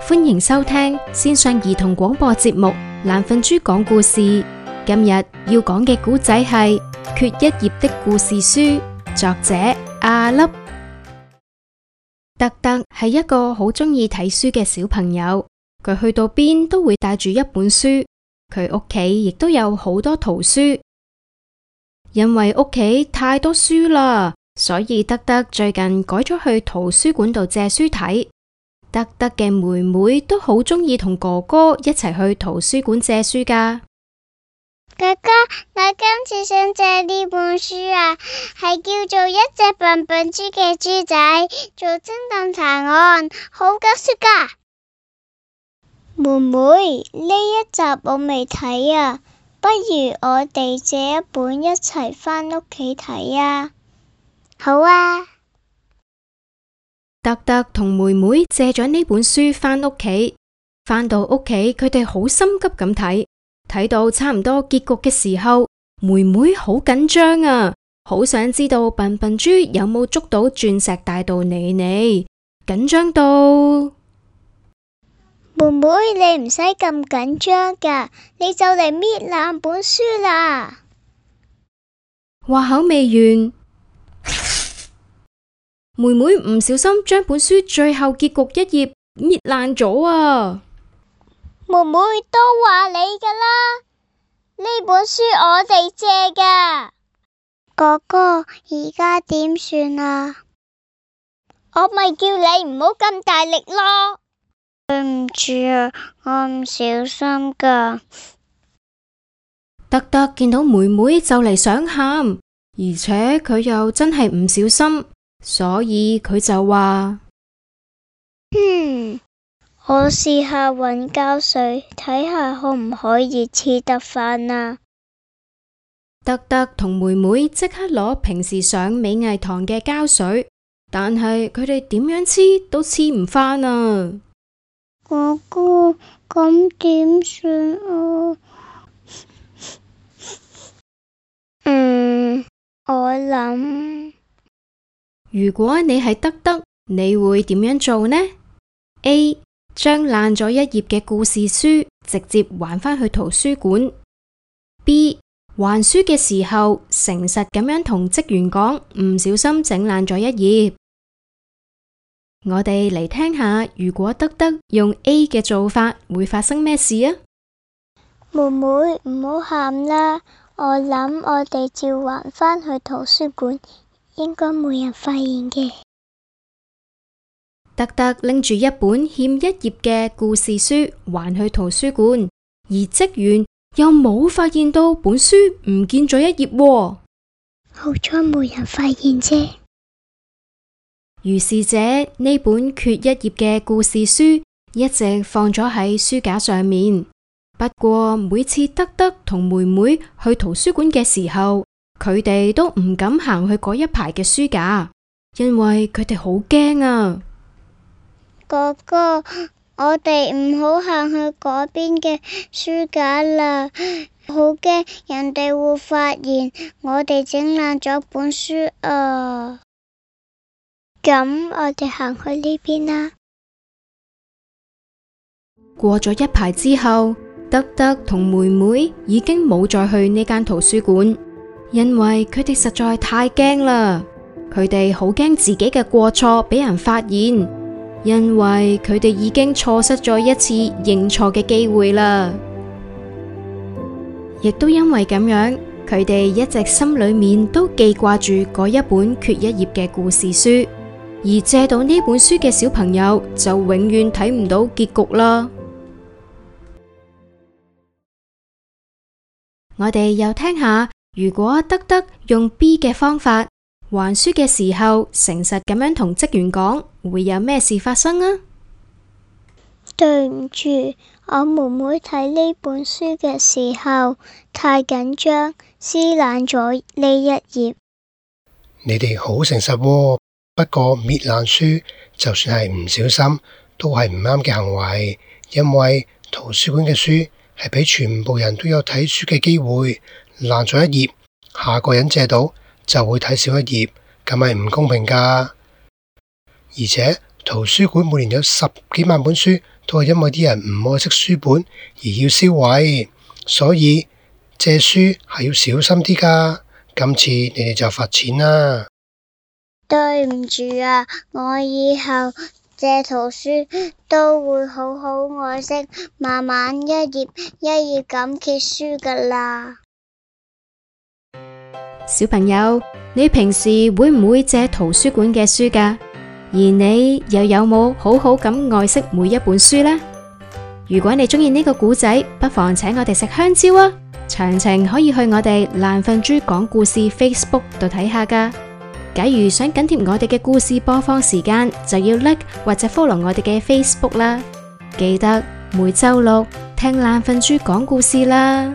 歡迎收聽，線上兒童廣播節目，懶瞓豬講故事。今日要講嘅故仔係，缺一頁的故事書，作者阿粒。德德係一個好鍾意睇書嘅小朋友，佢去到邊都會帶住一本書，佢屋企亦都有好多圖書。因為屋企太多書喇，所以德德最近改咗去圖書館度借書睇。德德嘅妹妹都好鍾意同哥哥一齊去圖書館借書噶。哥哥，我今次想借呢本書啊，係叫做《一隻笨笨豬嘅豬仔做偵探查案》好的的，好搞笑噶。妹妹，呢一集我未睇啊，不如我哋借一本一齊返屋企睇啊。好啊。特特同妹妹借咗呢本書返屋企，返到屋企佢哋好心急咁睇，睇到差唔多結局嘅時候，妹妹好緊張啊，好想知道笨笨豬有冇捉到鑽石大道你你，緊張到妹妹，你唔使咁緊張噶，你就嚟，搣爛本書啦。話口未完。妹妹唔小心將本書最後結局一頁搣爛咗啊！妹妹，都話你噶啦，呢本書我哋借噶。哥哥，而家點算啊？我咪叫你唔好咁大力咯。對唔住啊，我唔小心噶。德德見到妹妹就嚟想喊，而且佢又真係唔小心。所以佢就話：哼、嗯，我試下搵膠水，睇下可唔可以黐得返啊！德德同妹妹即刻攞平時上美藝堂嘅膠水，但係佢哋點樣黐都黐唔返啊！哥哥，咁點算啊？ 嗯，我諗。如果你係德德，你會點樣做呢？A 將爛咗一頁嘅故事書直接還返去圖書館。B 還書嘅時候誠實咁樣同職員講唔小心整爛咗一頁。我哋嚟聽下，如果德德用 A 嘅做法，會發生咩事啊？妹妹唔好喊啦，我諗我哋照還返去圖書館。應該冇人發現嘅。德德拎住一本欠一頁嘅故事書，還去圖書館，而職員又冇發現到本書唔見咗一頁。哦，好彩冇人發現啫。如是者呢本缺一頁嘅故事書一直放咗喺書架上面。不過每次德德同妹妹去圖書館嘅時候，佢哋都唔敢行去嗰一排嘅書架，因為佢哋好驚啊。哥哥，我哋唔好行去嗰邊嘅書架啦，好驚人哋會發現我哋整爛咗本書啊。咁我哋行去呢邊啦。過咗一排之後，德德同妹妹已經冇再去呢間圖書館。因為佢哋實在太驚啦，佢哋好驚自己嘅過錯俾人發現，因為佢哋已經錯失咗一次認錯嘅機會啦。亦都因為咁樣，佢哋一直心裏面都記掛住嗰一本缺一頁嘅故事書，而借到呢本書嘅小朋友就永遠睇唔到結局啦。我哋又聽下。如果德德用 B 嘅方法還書嘅時候，誠實咁樣同職員講，會有咩事發生啊？對唔住，我妹妹睇呢本書嘅時候太緊張，撕爛咗呢一頁。你哋好誠實喎、哦，不過搣爛書就算係唔小心，都係唔啱嘅行為，因為圖書館嘅書係俾全部人都有睇書嘅機會。爛咗一頁，下個人借到就會睇少一頁，咁係唔公平噶而且圖書館每年有十幾萬本書都係因為啲人唔愛惜書本而要銷毀，所以借書係要小心啲噶今次你哋就罰錢啦。對唔住啊，我以後借圖書都會好好愛惜，慢慢一頁一頁咁揭書噶啦。小朋友，你平時會唔會借圖書館嘅書㗎？而你又有冇好好咁愛惜每一本書呢？如果你中意呢個故仔，不妨請我哋食香蕉啊！詳情可以去我哋懶瞓豬講故事 Facebook 度睇下㗎。假如想緊貼我哋嘅故事播放時間，就要 like 或者 follow 我哋嘅 Facebook 啦。記得每週六聽懶瞓豬講故事啦！